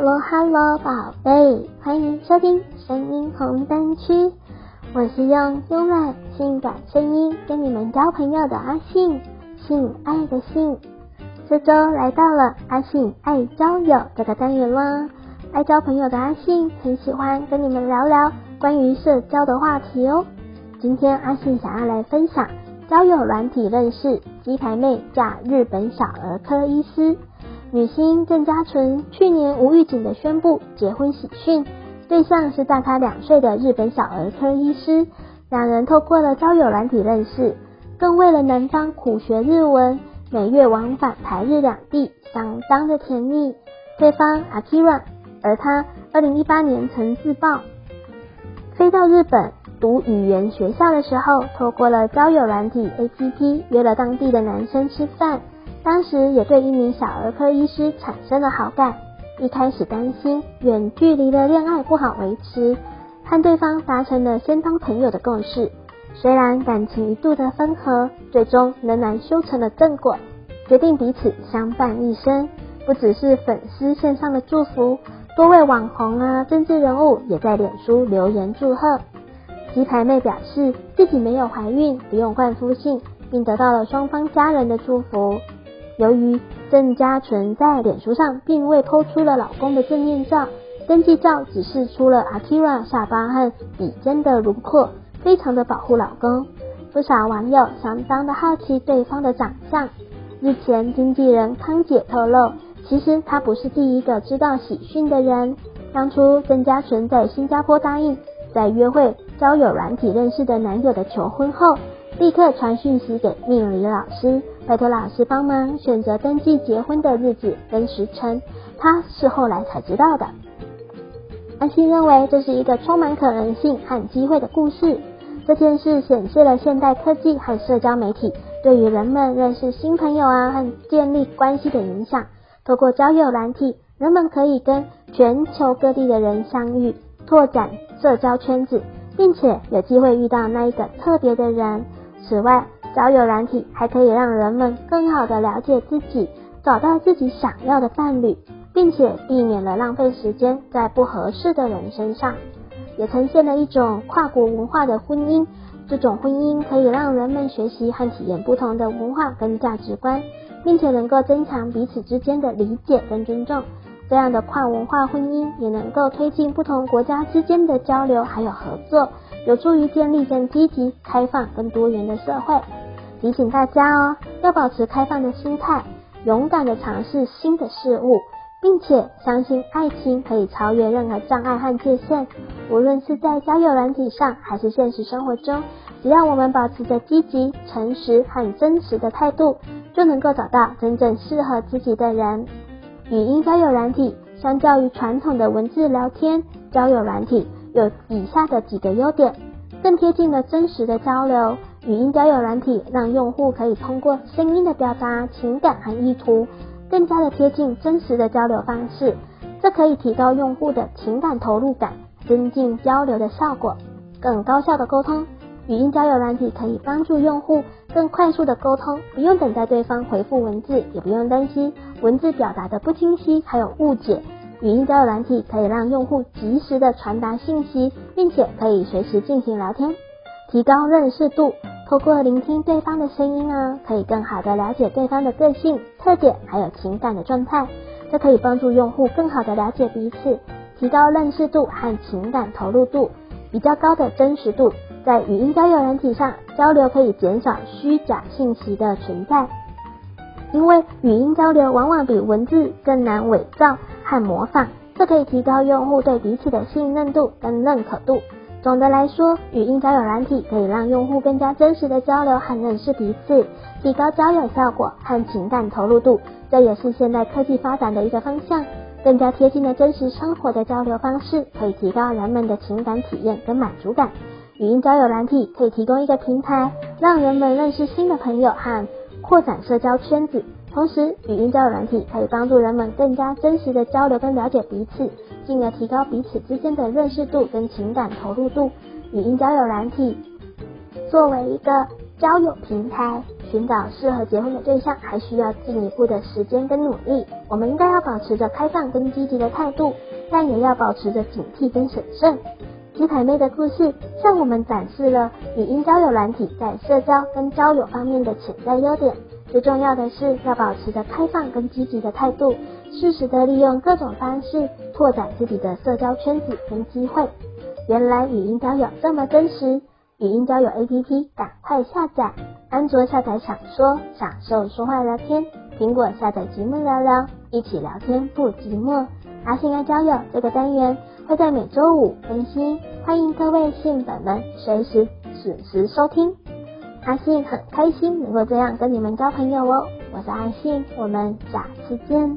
嘍哈嘍，hello, hello, 寶貝，歡迎收聽聲音紅燈區。我是用慵懶性感聲音跟你們交朋友的阿性，性愛的性。這周來到了阿性愛交友這個單元啦，愛交朋友的阿性很喜歡跟你們聊聊關於社交的話題哦。今天阿性想要來分享交友軟體認識雞排妹嫁日本小兒科醫師。女星鄭家純去年無預警的宣布結婚喜訊，對象是大她兩歲的日本小兒科醫師，兩人透過了交友軟體認識，更為了男方苦學日文，每月往返台日兩地，相當的甜蜜。對方 Akira，而她2018年曾自曝飛到日本。讀語言學校的時候，透過了交友軟體 APP 約了當地的男生吃飯，當時也對一名小兒科醫師產生了好感。一開始擔心遠距離的戀愛不好維持，和對方達成了先當朋友的共識。雖然感情一度的分合，最終仍然修成了正果，決定彼此相伴一生。不只是粉絲獻上的祝福，多位網紅啊、政治人物也在臉書留言祝賀。雞排妹表示自己沒有懷孕，不用冠夫姓，並得到了雙方家人的祝福。由於鄭家純在臉書上並未拋出了老公的正面照，登記照只是出了 Akira 下巴和鼻尖的輪廓，非常的保護老公。不少網友相當的好奇對方的長相。日前經紀人康姐透露，其實她不是第一個知道喜訊的人。當初鄭家純在新加坡答應在約會。交友軟體認識的男友的求婚後，立刻傳訊息給命理老師，拜託老師幫忙選擇登記結婚的日子跟時辰。他是後來才知道的。阿性認為這是一個充滿可能性和機會的故事。這件事顯示了現代科技和社交媒體對於人們認識新朋友啊和建立關係的影響。透過交友軟體，人們可以跟全球各地的人相遇，拓展社交圈子。並且有機會遇到那一個特別的人。此外，交友軟體還可以讓人們更好的了解自己，找到自己想要的伴侶，並且避免了浪費時間在不合適的人身上。也呈現了一種跨國文化的婚姻，這種婚姻可以讓人們學習和體驗不同的文化跟價值觀，並且能夠增強彼此之間的理解跟尊重。這樣的跨文化婚姻也能夠推進不同國家之間的交流，還有合作，有助於建立更積極、開放、更多元的社會。提醒大家哦，要保持開放的心態，勇敢地嘗試新的事物，並且相信愛情可以超越任何障礙和界限。無論是在交友軟體上，還是現實生活中，只要我們保持着積極、誠實和真實的態度，就能夠找到真正適合自己的人。語音交友軟體相較於傳統的文字聊天，交友軟體有以下的幾個優點：更貼近了真實的交流。語音交友軟體讓用戶可以通過聲音的表達情感和意圖，更加的貼近真實的交流方式，這可以提高用戶的情感投入感，增進交流的效果，更高效的溝通。語音交友軟體可以幫助用戶更快速的溝通，不用等待對方回復文字，也不用擔心文字表達的不清晰還有誤解。語音交友軟體可以讓用戶及時的傳達信息，並且可以隨時進行聊天，提高認識度。透過聆聽對方的聲音啊，可以更好的了解對方的個性特點還有情感的狀態，這可以幫助用戶更好的了解彼此，提高認識度和情感投入度，比較高的真實度。在語音交友軟體上，交流可以減少虛假信息的存在，因為語音交流往往比文字更難偽造和模仿，這可以提高用戶對彼此的信任度跟認可度。總的來說，語音交友軟體可以讓用戶更加真實的交流和認識彼此，提高交友效果和情感投入度。這也是現代科技發展的一個方向，更加貼近的真實生活的交流方式，可以提高人們的情感體驗跟滿足感。語音交友軟體可以提供一個平台，讓人們認識新的朋友和擴展社交圈子。同時，語音交友軟體可以幫助人們更加真實的交流跟了解彼此，進而提高彼此之間的認識度跟情感投入度。語音交友軟體作為一個交友平台，尋找適合結婚的對象還需要進一步的時間跟努力。我們應該要保持着開放跟積極的態度，但也要保持着警惕跟審慎。雞排妹的故事向我們展示了語音交友軟體在社交跟交友方面的潛在優點。最重要的是要保持着開放跟積極的態度，適時地利用各種方式拓展自己的社交圈子跟機會。原來語音交友這麼真實，語音交友 APP 趕快下載。安卓下載享說，享受說話聊天；蘋果下載寂寞聊聊，一起聊天不寂寞。阿性愛交友這個單元。會在每週五更新，歡迎各位信粉性粉們隨時、準時收聽。阿性很開心能夠這樣跟你們交朋友哦，我是阿性，我們下次見。